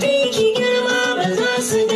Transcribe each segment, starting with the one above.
think you get of mama last night.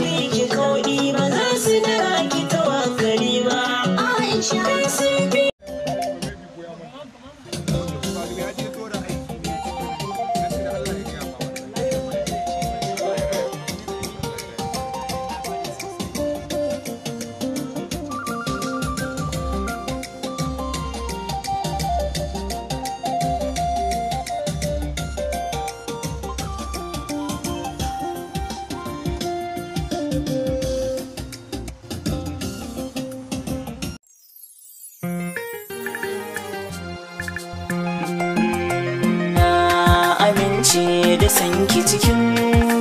da sanki cikin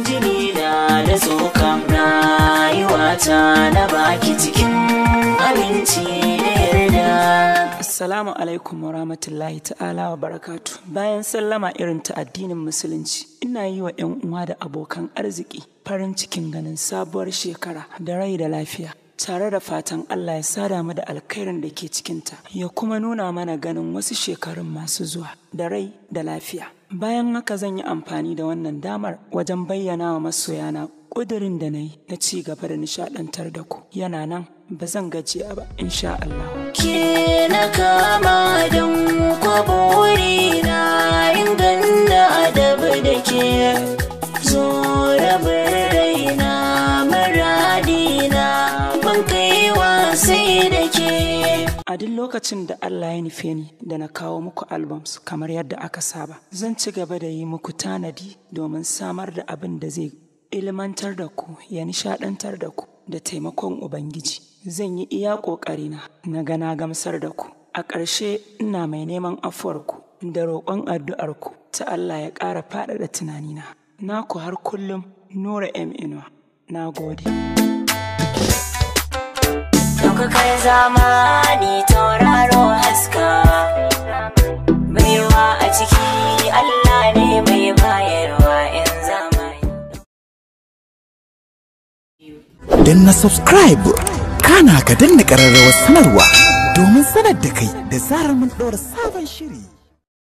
jini na da tsokan rayuwata na baki cikin aminci da yarda. Assalamu alaikum wa rahmatullahi ta'ala wa barakatu. Bayan sallama irin ta addinin musulunci, ina yi wa 'yan uwa da abokan arziki farin cikin ganin sabuwar shekara da rai da lafiya. tare da fatan Allah ya sada mu da alkhairin da ke cikinta ya kuma nuna mana ganin wasu shekarun masu zuwa da rai da lafiya. Bayan haka zan yi amfani da wannan damar wajen bayyana wa masoya na ƙudurin da na yi na ci gaba da nishaɗantar da ku yana nan ba zan gajiya ba insha Allah. A duk lokacin da Allah ya nufe ni da na kawo muku albums kamar yadda aka saba, zan ci gaba da yi muku tanadi domin samar da abin da zai ilmantar da ku ya nishadantar da ku da taimakon Ubangiji. Zan yi iya ƙoƙarina na gana gamsar da ku. A ƙarshe ina mai neman ku. da roƙon addu'ar ku. ta Allah ya ƙara faɗaɗa tunanina. Naku har kullum Nura M. Inuwa. Na gode. zamani ciki Allah ne mai bayarwa in zamani. dan na subscribe kana ka danna ƙararrawar sanarwa domin sanar da kai da zarar mun ɗora sabon shiri.